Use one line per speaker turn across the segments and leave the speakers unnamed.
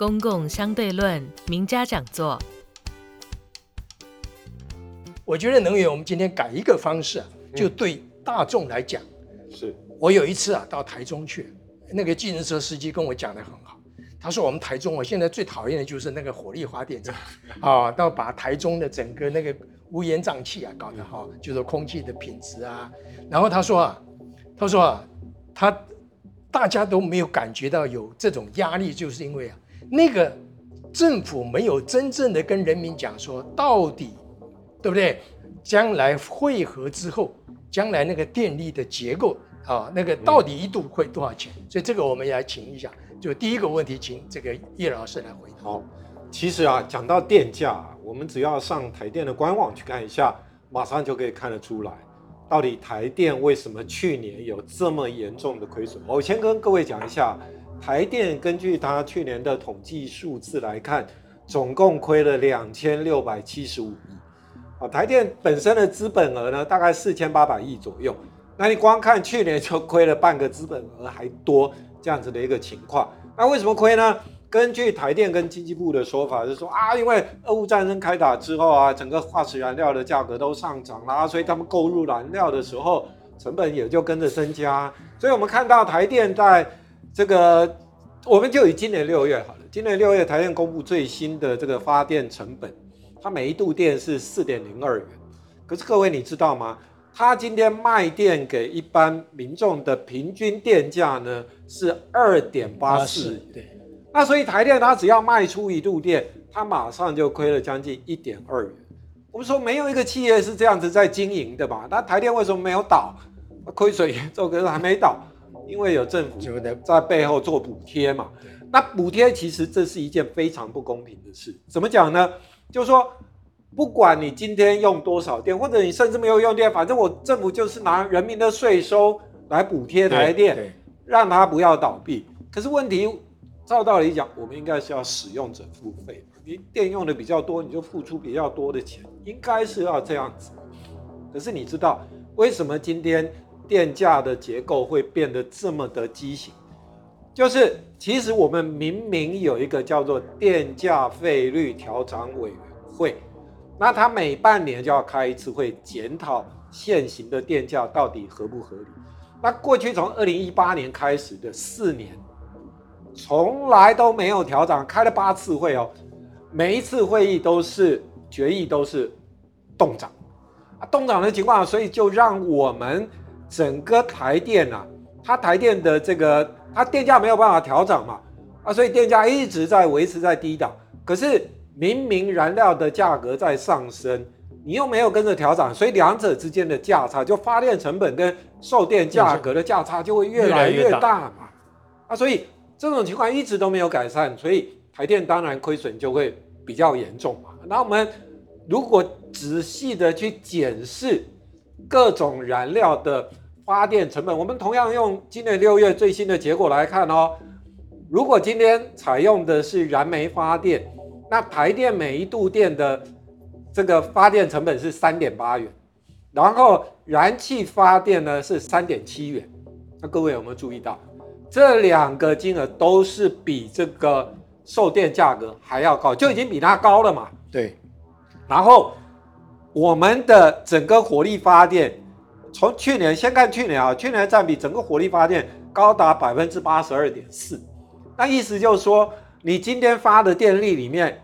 公共相對論名家講座。我覺得能源，我們今天改一個方式啊，就對大眾來講。嗯、是。我有一次啊，到台中去，那個計程車司機跟我講得很好。他說：“我們台中，我現在最討厭的就是那個火力發電廠啊、哦，到把台中的整個那個烏煙瘴氣啊，搞得好，就是空氣的品質啊。”然後他說啊，他說啊，他大家都沒有感覺到有這種壓力，就是因為啊。那個政府沒有真正的跟人民講說，到底對不對？將來匯合之後，將來那個電力的結構啊，那個到底一度虧多少錢？嗯，所以這個我們要請一下，就第一個問題，請這個葉老師來回
答。好，其實啊，講到電價，我們只要上台電的官網去看一下，馬上就可以看得出來，到底台電為什麼去年有這麼嚴重的虧損？我先跟各位講一下。台電根據它去年的統計數字來看，總共虧了兩千六百七十五億。啊，台電本身的資本額呢，大概四千八百億左右。那你光看去年就虧了半個資本額還多，這樣子的一個情況。那為什麼虧呢？根據台電跟經濟部的說法，就是說啊，因為俄烏戰爭開打之後啊，整個化石燃料的價格都上漲啦，啊，所以他們購入燃料的時候成本也就跟着增加。所以我們看到台電在這個我們就以今年六月好了。今年六月，台電公布最新的這個發電成本，它每一度電是四點零二元。可是各位你知道嗎？它今天賣電給一般民眾的平均電價呢是二點八四元。對。那所以台電它只要賣出一度電，它馬上就虧了將近一點二元。我們說沒有一個企業是這樣子在經營的嘛。那台電為什麼沒有倒？虧損嚴重，可是還沒倒。因為有政府在背後做補貼嘛，那補貼其實這是一件非常不公平的事。怎麼講呢？就是說，不管你今天用多少電，或者你甚至沒有用電，反正我政府就是拿人民的稅收來補貼台電，讓它不要倒閉。可是問題，照道理講，我們應該是要使用者付費。你電用的比較多，你就付出比較多的錢，應該是要這樣子。可是你知道為什麼今天？電價的結構會變得這麼的畸形，就是其實我們明明有一個叫做電價費率調整委員會，那他每半年就要開一次會，檢討現行的電價到底合不合理。那過去從二零一八年開始的四年，從來都沒有調整，開了八次會哦，每一次會議都是決議都是凍漲啊，凍漲的情況，所以就讓我們。整個台電啊，它台電的這個它電價沒有辦法調整嘛，啊，所以電價一直在維持在低檔。可是明明燃料的價格在上升，你又沒有跟着調整，所以兩者之間的價差，就發電成本跟售電價格的價差就會越來越大嘛。越來越大啊，所以這種情況一直都沒有改善，所以台電當然虧損就會比較嚴重嘛。那我們如果仔細的去檢視各種燃料的。發電成本，我們同樣用今年六月最新的結果來看哦。如果今天採用的是燃煤發電，那台電每一度電的這個發電成本是三點八元，然後燃氣發電呢是三點七元。那各位有沒有注意到，這兩個金額都是比這個售電價格還要高，就已經比它高了嘛？對。然後我們的整個火力發電。從去年先看去年啊，去年占比整個火力發電高達百分之八十二點四，那意思就是說，你今天發的電力裡面，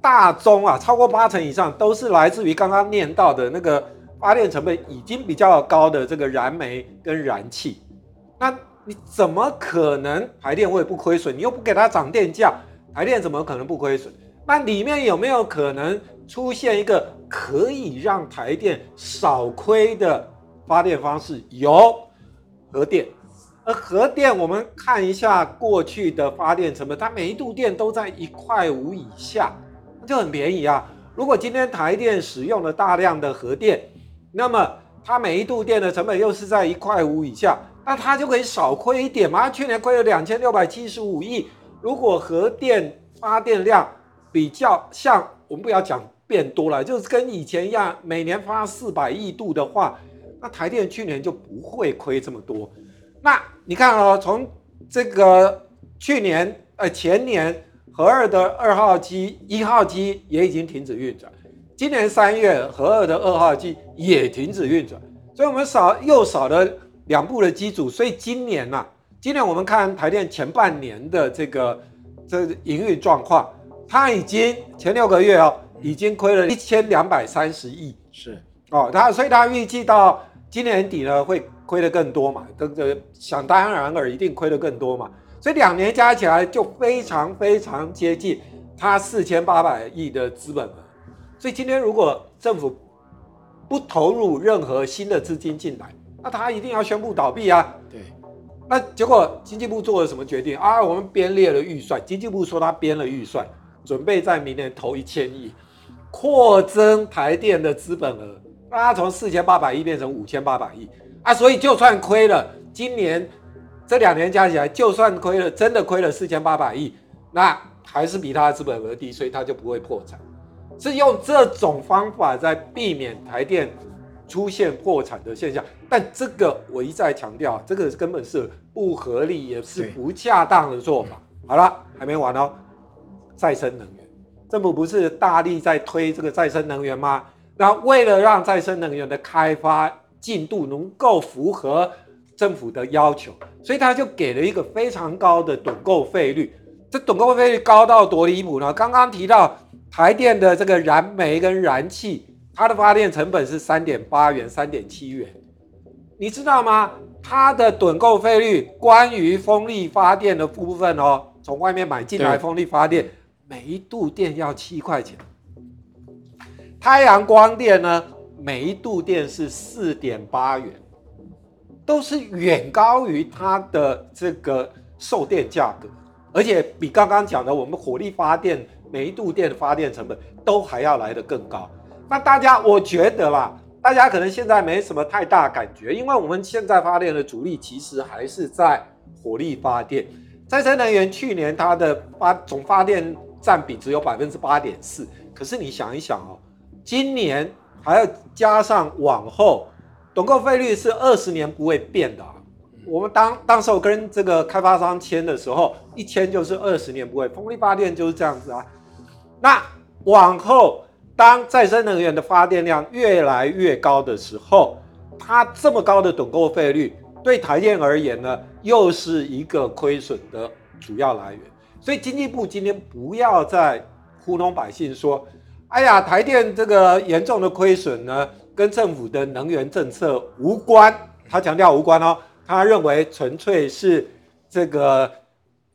大宗啊超過八成以上都是來自於剛剛念到的那個發電成本已經比較高的這個燃煤跟燃氣，那你怎麼可能台電會不虧損？你又不給它漲電價，台電怎麼可能不虧損？那裡面有沒有可能出現一個可以讓台電少虧的？發電方式有核電，而核電我們看一下過去的發電成本，它每一度電都在一塊五以下，就很便宜啊。如果今天台電使用了大量的核電，那麼它每一度電的成本又是在一塊五以下，那它就可以少虧一點嘛。去年虧了兩千六百七十五億，如果核電發電量比較像我們不要講變多了，就是跟以前一樣，每年發四百億度的話。那台電去年就不會虧這麼多。那你看哦，從這個去年、呃前年，核二的二號機、一號機也已經停止運轉。今年三月，核二的二號機也停止運轉。所以，我們少又少了兩部的機組，所以今年啊，今年我們看台電前半年的這個這營運狀況，它已經前六個月哦，已經虧了一千兩百三十億。是哦，它所以它預計到。今年底呢，會虧得更多嘛？想當然耳一定虧得更多嘛。所以兩年加起來就非常非常接近它四千八百億的資本額。所以今天如果政府不投入任何新的資金進來，那它一定要宣布倒閉啊。對。那結果經濟部做了什麼決定？啊，我們編列了預算，經濟部說它編了預算，準備在明年投一千億，擴增台電的資本額。那它從四千八百億變成五千八百億啊，所以就算虧了，今年這兩年加起來就算虧了，真的虧了四千八百億，那還是比它的資本額低，所以它就不會破產，是用這種方法在避免台電出現破產的現象。但這個我一再強調，這個根本是不合理，也是不恰當的做法。好了，還沒完哦、喔，再生能源，政府不是大力在推這個再生能源嗎？那為了讓再生能源的開發進度能夠符合政府的要求，所以他就給了一個非常高的躉購費率。這躉購費率高到多離譜呢？剛剛提到台電的這個燃煤跟燃氣，它的發電成本是三點八元、三點七元，你知道嗎？它的躉購費率關於風力發電的部分哦，從外面買進來風力發電，對每一度電要七塊錢。太陽光電呢，每一度電是四點八元，都是遠高於它的這個售電價格，而且比剛剛講的我們火力發電每一度電的發電成本都還要來得更高。那大家，我覺得啦，大家可能現在沒什麼太大感覺，因為我們現在發電的主力其實還是在火力發電，再生能源去年它的發總發電占比只有百分之八點四，可是你想一想哦。今年還要加上往後，躉購費率是二十年不會變的啊。我們當當時我跟這個開發商簽的時候，一簽就是二十年不會。風力發電就是這樣子啊。那往後當再生能源的發電量越來越高的時候，它這麼高的躉購費率對台電而言呢，又是一個虧損的主要來源。所以經濟部今天不要再糊弄百姓說。哎呀，台電這個嚴重的虧損呢，跟政府的能源政策無關。他強調無關哦，他認為純粹是這個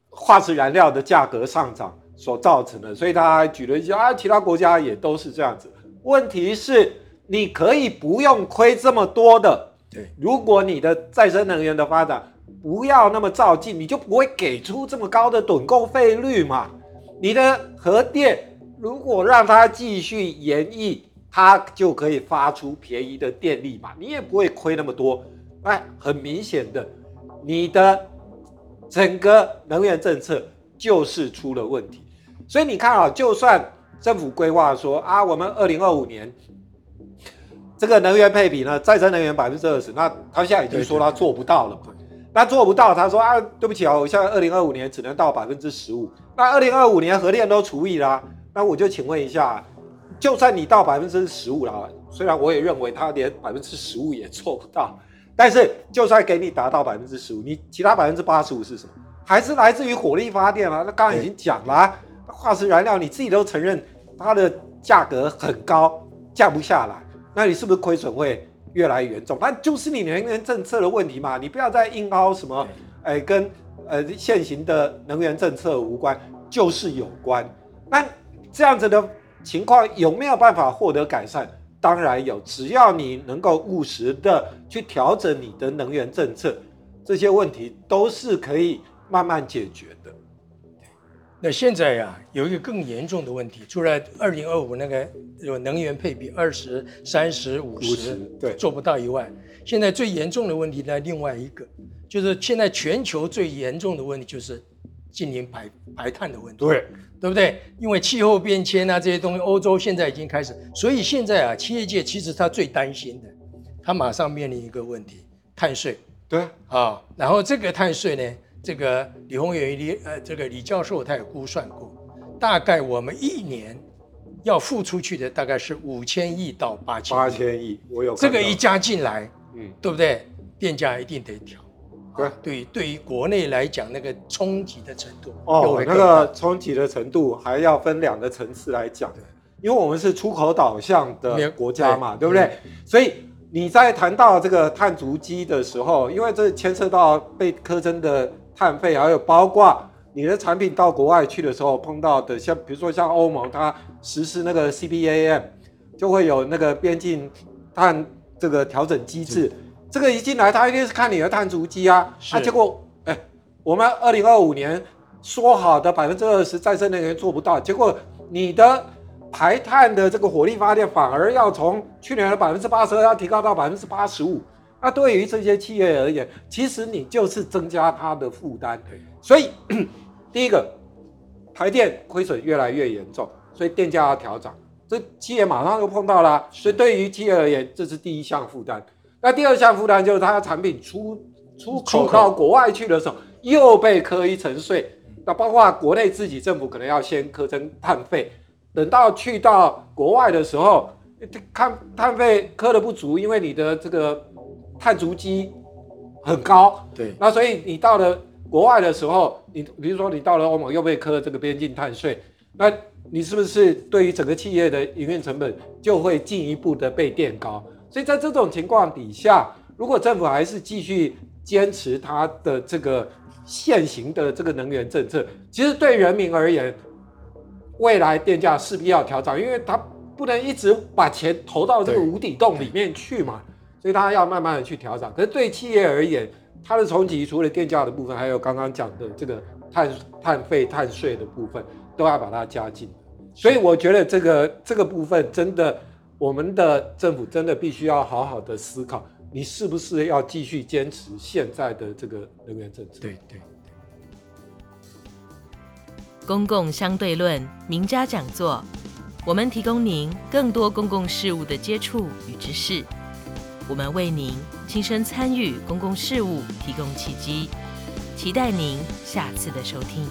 化石燃料的價格上漲所造成的。所以他還舉了一些啊，其他國家也都是這樣子。問題是，你可以不用虧這麼多的。如果你的再生能源的發展不要那麼躁進，你就不會給出這麼高的躉購費率嘛。你的核電。如果讓它繼續延役，它就可以發出便宜的電力嘛，你也不會虧那麼多。那很明顯的，你的整個能源政策就是出了問題。所以你看啊、哦，就算政府規劃說啊，我們二零二五年這個能源配比呢，再生能源百分之二十，那他現在已經說他做不到了嘛，對對對，那做不到，他說啊，對不起啊、哦，我現在二零二五年只能到百分之十五。那二零二五年核電都除役啦。那我就請問一下，就算你到百分之十五啦，雖然我也認為他連百分之十五也做不到，但是就算給你達到百分之十五，你其他百分之八十五是什麼？還是來自於火力發電了啊？那剛剛已經講啦啊，化石燃料你自己都承認它的價格很高，降不下來，那你是不是虧損會越來越嚴重？那就是你能源政策的問題嘛，你不要再硬凹什麼，誒欸，跟呃現行的能源政策無關，就是有關。那。這樣子的情況有沒有辦法獲得改善？當然有，只要你能夠務實的去調整你的能源政策，這些問題都是可以慢慢解決的。
那現在呀，有一個更嚴重的問題，除了二零二五那個有能源配比二十三十五十，對，做不到以外，現在最嚴重的問題呢，另外一個就是現在全球最嚴重的問題就是。進行排排碳的問題，對，對不對？因為氣候變遷啊，這些東西，歐洲現在已經開始。所以現在啊，企業界其實他最擔心的，他馬上面臨一個問題，碳稅。對啊、哦，然後這個碳稅呢，這個李宏遠李呃這個李教授他也估算過，大概我們一年要付出去的大概是五千億到八千。八千億，我有這個一加進來，嗯，對不對？電價一定得調。對 Okay. 對，對於國內來講，那個衝擊的程度哦，那個
衝擊的程度還要分兩個層次來講。因為我們是出口導向的國家嘛，對，對不對？對，所以你在談到這個碳足跡的時候，因為這牽涉到被課徵的碳費，還有包括你的產品到國外去的時候碰到的，像比如說像歐盟它實施那個 CBAM，就會有那個邊境碳這個調整機制。這個一進來，他一定是看你的碳足跡啊，是啊，結果、哎、我們二零二五年說好的百分之二十再生能源做不到，結果你的排碳的這個火力發電反而要從去年的百分之八十二要提高到百分之八十五，那、啊、對於這些企業而言，其實你就是增加它的負擔。所以第一個，台電虧損越來越嚴重，所以電價要調漲，這企業馬上就碰到了、啊，所以對於企業而言，這是第一項負擔。那第二項負擔就是，它產品出出口到國外去的時候，口又被課一層稅。那包括國內自己政府可能要先課徵碳費，等到去到國外的時候，碳碳費課的不足，因為你的這個碳足跡很高。對。那所以你到了國外的時候，你比如說你到了歐盟，又被課這個邊境碳稅，那你是不是對於整個企業的營運成本就會進一步的被墊高？所以在這種情況底下，如果政府還是繼續堅持它的這個現行的這個能源政策，其實對人民而言，未來電價勢必要調整，因為它不能一直把錢投到這個無底洞裡面去嘛，所以它要慢慢的去調整。可是對企業而言，它的衝擊除了電價的部分，還有剛剛講的這個碳、碳費、碳稅的部分，都要把它加進。所以我覺得這個這個部分真的。我們的政府真的必須要好好的思考，你是不是要繼續堅持現在的這個能源政策？對對。對對。
公共相對論名家講座，我們提供您更多公共事務的接觸與知識，我們為您親身參與公共事務提供契機，期待您下次的收聽。